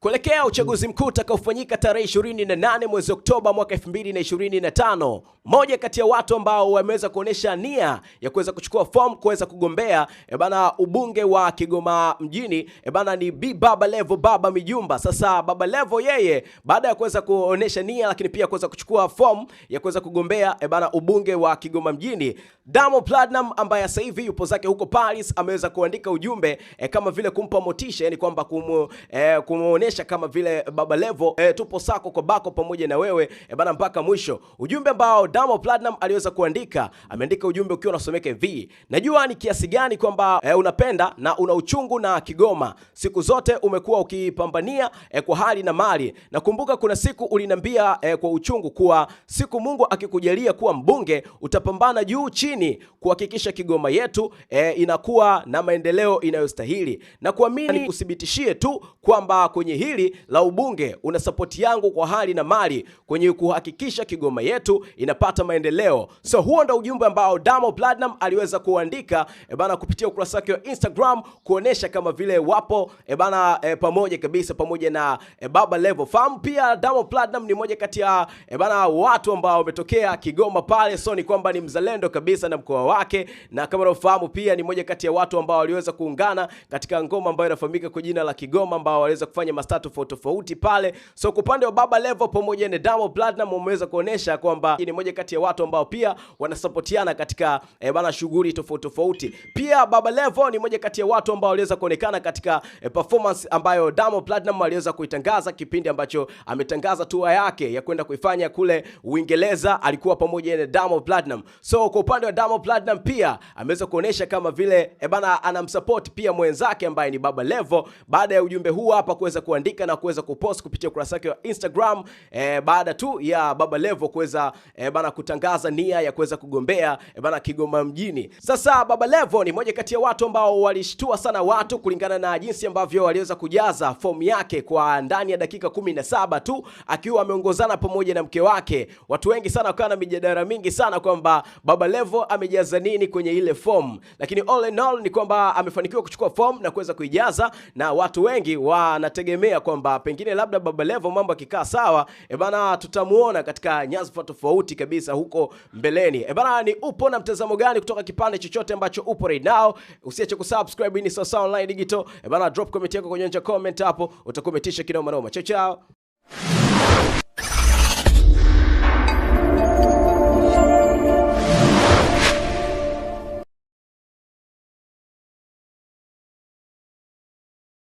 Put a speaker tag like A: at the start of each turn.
A: Kuelekea uchaguzi mkuu utakaofanyika tarehe 28 mwezi Oktoba mwaka 2025, moja kati ya watu ambao wameweza kuonyesha nia ya kuweza kuchukua fomu kuweza kugombea e bana ubunge wa Kigoma mjini e bana ni Bi Baba Levo Baba Mijumba. Sasa Baba Levo yeye baada ya kuweza kuonyesha nia, lakini pia kuweza kuchukua fomu ya kuweza kugombea e bana ubunge wa Kigoma mjini, Diamond Platinum ambaye sasa hivi yupo zake huko Paris ameweza kuandika ujumbe e, kama vile kumpa motisha, yani kwamba kumu, e, kumuonesha kama vile Baba Levo e, tupo sako kwa bako pamoja na wewe e, bana mpaka mwisho. Ujumbe ambao Diamond Platinum aliweza kuandika, ameandika ujumbe ukiwa unasomeka hivi: najua ni kiasi gani kwamba e, unapenda na una uchungu na Kigoma, siku zote umekuwa ukipambania e, kwa hali na mali. Nakumbuka kuna siku uliniambia e, kwa uchungu kuwa siku Mungu akikujalia kuwa mbunge utapambana juu chini nini kuhakikisha Kigoma yetu e, inakuwa na maendeleo inayostahili na kuamini. Nikuthibitishie tu kwamba kwenye hili la ubunge una sapoti yangu kwa hali na mali kwenye kuhakikisha Kigoma yetu inapata maendeleo. So huo ndo ujumbe ambao Diamond Platnumz aliweza kuandika e, bana kupitia ukurasa wake wa Instagram kuonesha kama vile wapo e, bana e, pamoja kabisa pamoja na e, Baba Levo Farm. Pia Diamond Platnumz ni moja kati ya e, bana watu ambao wametokea Kigoma pale, so ni kwamba ni mzalendo kabisa sana mkoa wake, na kama unafahamu pia ni moja kati ya watu ambao waliweza kuungana katika ngoma ambayo inafahamika kwa jina la Kigoma, ambao waliweza kufanya mastaa tofauti tofauti pale. So kwa upande wa Baba Levo pamoja na Diamond Platnumz wameweza kuonesha kwamba ni moja kati ya watu ambao pia wanasapotiana katika eh, bana shughuli tofauti tofauti. Pia Baba Levo ni moja kati ya watu ambao waliweza kuonekana katika eh, performance ambayo Diamond Platnumz aliweza kuitangaza kipindi ambacho ametangaza tour yake ya kwenda kuifanya kule Uingereza, alikuwa pamoja na Damo Platnumz. So kwa upande wa Diamond Platinum pia ameweza kuonesha kama vile e bana anamsupport pia mwenzake ambaye ni Baba Levo, baada ya ujumbe huu hapa kuweza kuandika na kuweza kupost kupitia ukurasa wake wa Instagram e, baada tu ya Baba Levo kuweza e, bana kutangaza nia ya kuweza kugombea e, bana Kigoma mjini. Sasa Baba Levo ni moja kati ya watu ambao walishtua sana watu kulingana na jinsi ambavyo aliweza kujaza fomu yake kwa ndani ya dakika 17 tu akiwa ameongozana pamoja na mke wake. Watu wengi sana wakawa na mijadala mingi sana kwamba Baba Levo amejaza nini kwenye ile form, lakini all in all ni kwamba amefanikiwa kuchukua form na kuweza kuijaza, na watu wengi wanategemea kwamba pengine labda Baba Levo mambo akikaa sawa, e bana, tutamuona katika nyadhifa tofauti kabisa huko mbeleni. E bana, ni upo na mtazamo gani kutoka kipande chochote ambacho upo right now? Usiache kusubscribe, ni Sawasawa Online Digital. E bana, drop comment yako kwenye comment hapo, utakometisha kinoma noma. Chao chao.